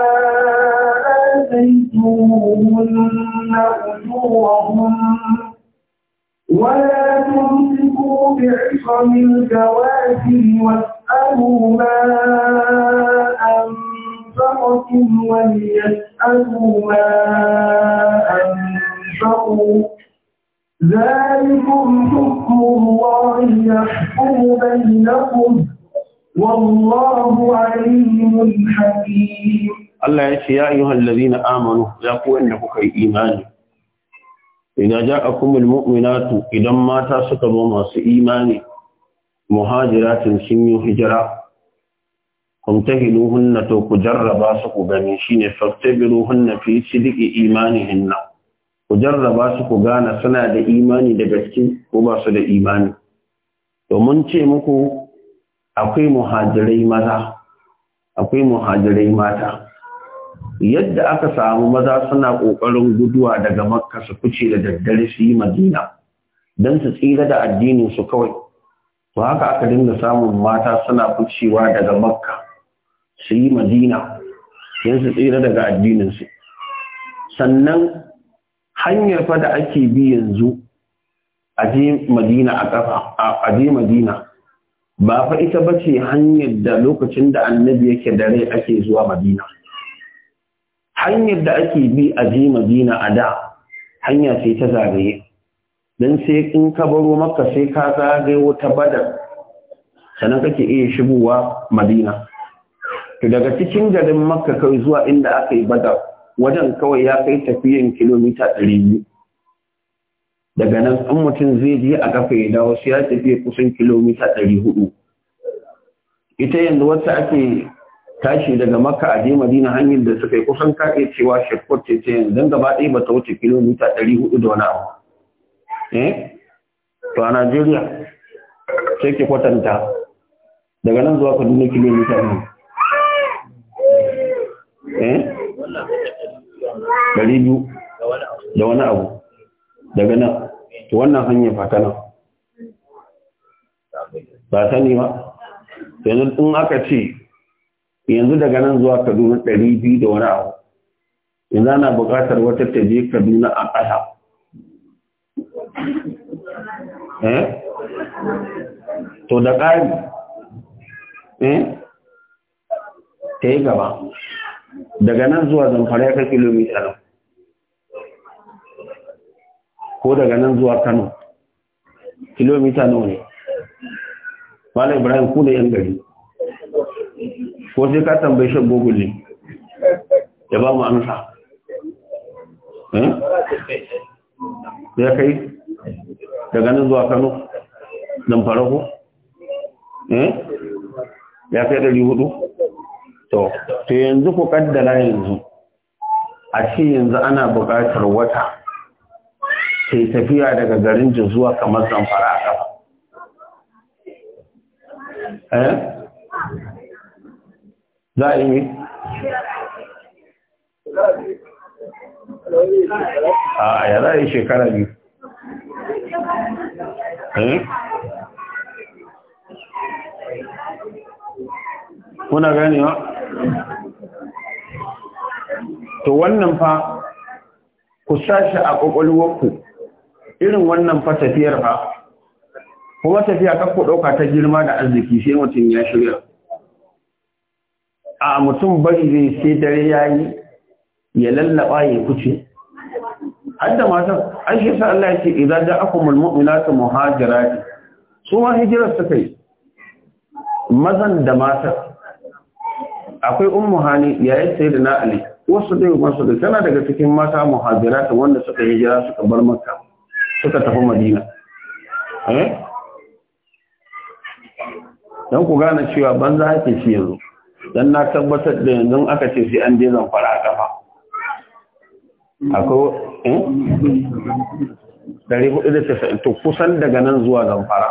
آتيتموهن أجورهن ولا تمسكوا بعصم الكواكب واسألوا ما أنفقتم وليسألوا ما أنفقوا ذلكم حكم الله يحكم بينكم والله عليم حكيم الله يشي يا أيها الذين آمنوا يقول أنك إيمان إذا جاءكم المؤمنات إذا ما تسكبوا ما إيمان مهاجرات سمي هجرة امتهلوهن توك جربا سكو بنيشين فاختبروهن في صدق إيمانهن وجربا سكو غانا سنة إيماني دبسكي وباسد إيماني ومن تيمكو akwai muhajirai maza akwai muhajirai mata yadda aka samu maza suna ƙoƙarin guduwa daga makka su fice da daddare su yi madina don su tsira da addinin su kawai to haka aka dinga samun mata suna ficewa daga makka su yi madina don su tsira daga addinin su sannan hanyar fa da ake bi yanzu a je madina a kafa a madina ba fa ita ba ce hanyar da lokacin da annabi yake da rai ake zuwa madina hanyar da ake bi a je madina a da hanya sai ta zagaye don sai in ka baro maka sai ka zagaye wata badar sannan kake iya shigowa madina to daga cikin garin maka kawai zuwa inda aka yi badar wajen kawai ya kai tafiyan kilomita ɗari biyu. daga nan an mutum zai je a kafa ya dawo shi ya tafi kusan kilomita ɗari hudu ita yanzu wata ake tashi daga maka a je madina hanyar da suka yi kusan kaɗe cewa shekwar ce ce yanzu don gaba ɗaya ba ta wuce kilomita ɗari hudu da wani abu eh to a najeriya sai ke kwatanta daga nan zuwa kaduna kilomita ne eh ɗari biyu da wani abu daga nan to wannan hanyar fata nan ba ta ba yanzu tun aka ce yanzu daga nan zuwa kaduna ɗari biyu da wani abu yanzu ana buƙatar wata ta je kaduna a ƙasa eh to da ƙari eh ta yi gaba daga nan zuwa zamfara ya kai kilomita nan ko daga nan zuwa Kano kilomita nawa ne bala Ibrahim kuna yan gari ko sai ka tambaye shi Google ne ya ba mu amsa eh ya kai daga nan zuwa Kano dan farko eh ya kai hudu to to yanzu ku kaddala yanzu a ce yanzu ana buƙatar wata sai tafiya daga garin jin zuwa kamar zamfara a kafa eh? za a yi a ya za a yi shekara biyu Eh? kuna ganewa to wannan fa ku sashi a ƙwaƙwalwarku irin wannan fa tafiyar fa kuma tafiya kakko ɗauka ta girma da arziki sai mutum ya shirya a mutum bari zai sai dare ya yi ya lallaba ya kuce hadda matan an shi sa Allah ya idan da aka mulmu'mina ta muhajira su ma hijirar su yi mazan da matan akwai ummu hani yayin sai da na ali wasu dai masu da tana daga cikin mata muhajira wanda suka hijira suka bar makka suka tafi madina eh? don ku gane cewa banza ake shi yanzu don na tabbatar da yanzu aka ce sai an je zamfara a kafa akwai 490 eh? to kusan daga nan zuwa zamfara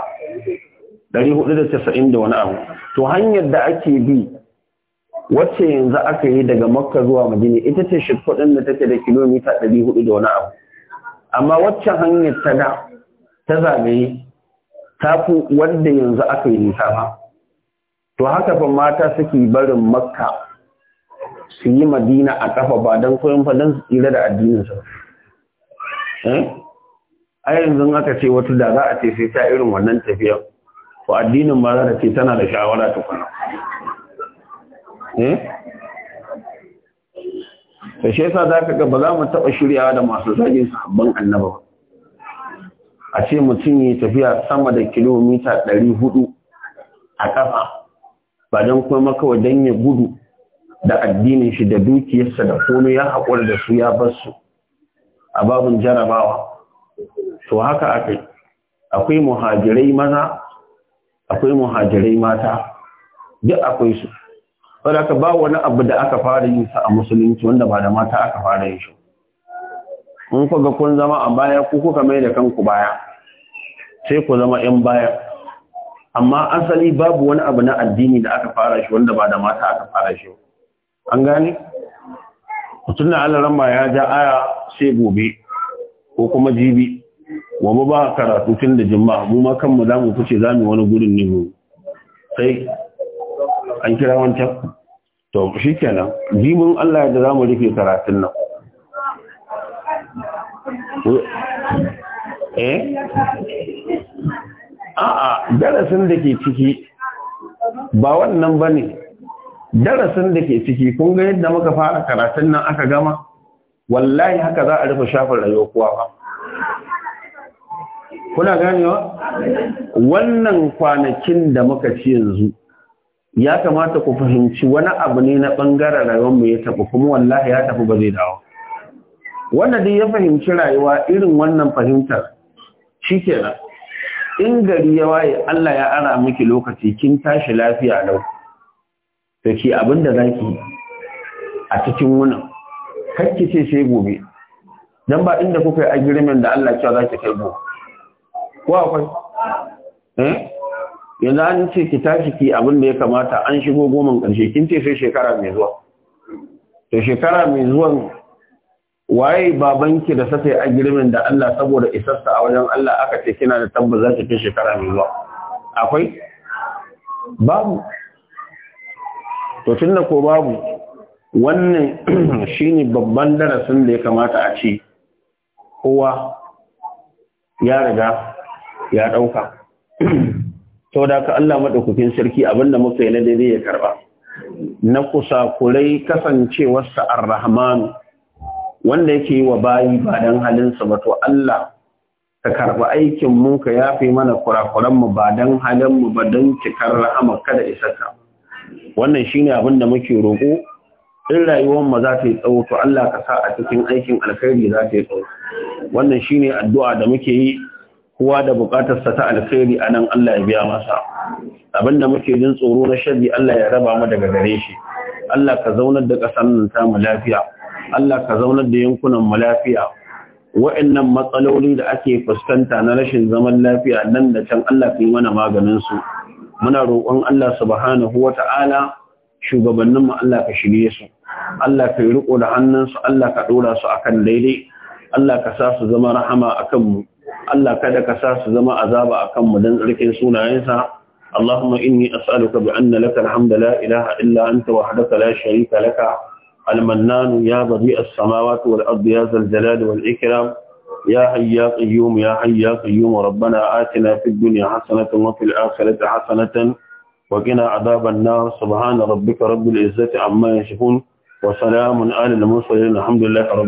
490 da wani abu to hanyar da ake bi wacce yanzu aka yi daga makka zuwa madina ita ce shimfiɗin da take da kilomita 400 da wani abu amma waccan hanyar ta da ta zagaye ta fi wanda yanzu aka yi nisa ba to haka fa mata suke barin makka su yi madina a kafa ba don koyon su tsira da addinin Eh? a yanzu aka ce wata da za a ce sai ta irin wannan tafiya? ko addinin ma za ta ce tana da shawara tukuna eh da shi yasa za ka ga ba za mu taɓa shiryawa da masu zagin sahabban annaba ba a ce mutum yi tafiya sama da kilomita ɗari hudu a ƙafa ba don kuma makawa don ya gudu da addinin shi da dukiyarsa da komai ya haƙura da su ya bar su a babin jarabawa to haka akai akwai muhajirai maza akwai muhajirai mata duk akwai su saboda ba wani abu da aka fara yin sa a musulunci wanda ba da mata aka fara yin shi in ku ga kun zama a baya ku kuka mai da kanku baya sai ku zama yan baya amma asali babu wani abu na addini da aka fara shi wanda ba da mata aka fara shi an gane mutum Allah ramba ya ja aya sai gobe ko kuma jibi wa ba karatu tun da jimma mu ma kanmu za mu fice za mu wani gudun ne sai an kira wancan to shi kenan jimin Allah yadda za mu rufe karatun nan eh a'a darasin da ke ciki ba wannan ba ne darasin da ke ciki kun ga yadda muka fara karatun nan aka gama wallahi haka za a rufe shafin rayuwa kuwa ba kuna ganewa wannan kwanakin da muka ci yanzu ya kamata ku fahimci wani abu ne na ɓangaren mu ya tafi kuma wallahi ya tafi ba zai dawo wanda dai ya fahimci rayuwa irin wannan fahimtar shi in gari ya waye Allah ya ara miki lokaci kin tashi lafiya lau da ke abin da za ki a cikin wunan kakki ce sai gobe don ba inda kuka yi agirimin da Allah cewa za ki kai gobe ko akwai eh yanzu an ce ki tashi ki abin da ya kamata an shigo goman ƙarshe kin ce sai shekara mai zuwa to shekara mai zuwa waye babanki da sai a girmin da Allah saboda isarsa a wajen Allah aka ce kina da tabbaci za ki kai shekara mai zuwa akwai babu to tunda ko babu wannan shine babban darasin da ya kamata a ci kowa ya riga ya dauka da ka Allah madaukakin sarki abinda muka yi na daidai ya karba na kusa kurai kasancewarsa ar-rahman wanda yake yi wa bayi ba dan halinsa ba to Allah ka karba aikin mu ka yafe mana kurakuran mu ba dan halin mu ba dan cikar rahama kada isa ka. wannan shine abinda muke roƙo in rayuwar mu za ta yi tsawo to Allah ka sa a cikin aikin alkhairi za ta yi tsawo wannan shine addu'a da muke yi kowa da bukatarsa ta alkhairi a nan Allah ya biya masa abinda muke jin tsoro na sharri Allah ya raba mu daga gare shi Allah ka zaunar da ƙasar nan ta mu lafiya Allah ka zaunar da yankunan mu lafiya wa'annan matsaloli da ake fuskanta na rashin zaman lafiya nan da can Allah ka yi mana maganin su muna roƙon Allah subhanahu wata'ala shugabannin mu Allah ka shirye su Allah ka yi riko da hannunsu Allah ka ɗora su akan daidai Allah ka sa su zama rahama akan mu Allah kada ka sa su zama azaba akan mu dan tsarkin sunayensa, Allahumma inni as'aluka bi anna laka alhamda la ilaha illa anta wa la sharika laka al-mannan ya bari as-samawati wal ardi ya zal jalal wal ikram ya hayya qayyum ya hayya qayyum rabbana atina fid dunya hasanatan wa fil akhirati hasanatan wa qina adhaban nar subhana rabbika rabbil izzati amma yasifun wa salamun ala al-mursalin alhamdulillahi